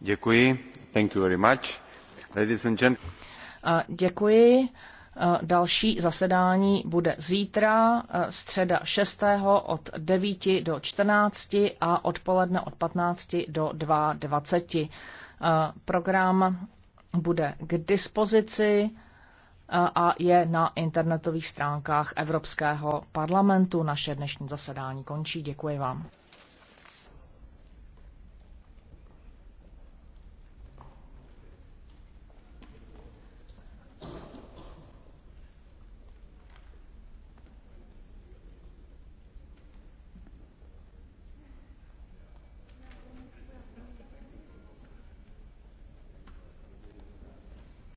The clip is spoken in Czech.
Děkuji. Thank you very much. Ladies and gentlemen. Děkuji. Další zasedání bude zítra, středa 6. od 9 do 14 a odpoledne od 15 do 22. Program bude k dispozici a je na internetových stránkách Evropského parlamentu. Naše dnešní zasedání končí. Děkuji vám.